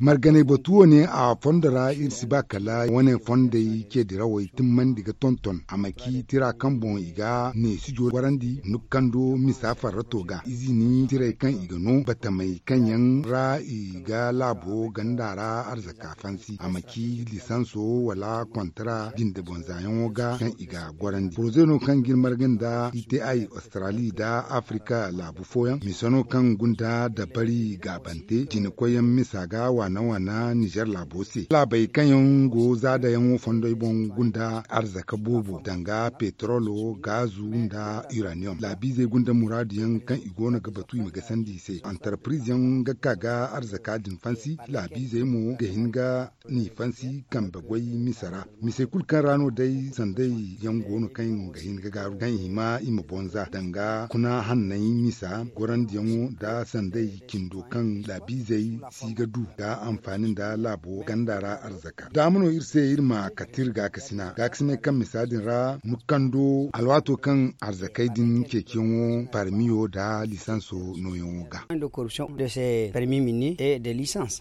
margane batuwo ne a fondara irsi bakala wani fonda ke da rawai tun man diga tonton a maki tira kan bon iga ne su jo warandi nukan misafar rato ga izini tira kan igano bata mai kanyan ra iga labo gandara arzaka fansi a maki lisanso wala kwantara din da bonzayen woga kan iga gwarandi prozeno kan girmar ganda iti australia da afirka labu foyan misano kan gunda da bari gabante jinikwai misa ga wane-wane Nijar labose. Labai kan go goza da yan fondoi bon gunda arzaka bobo danga petrolo gazu da uranium. Labi zai gunda muradu yan kan na gabatu batu maga sandi se. Enterprise yan ga arzaka din fansi labi zai mu ga hinga ni fansi kan bagwai misara. Mise kulkan rano dai sandai yan gono kan ga hinga garu kan hima ima bonza danga kuna hannayin misa goran da sandai kindo kan labi zai sigadu da amfanin da labo gandara arzaka damuno irse irma katir ga kasina ga kasina kan misadin ra mukando alwato kan arzakai din kekenwo parmiyo da lisanso noyon ga de corruption de ces permis mini et de lisans.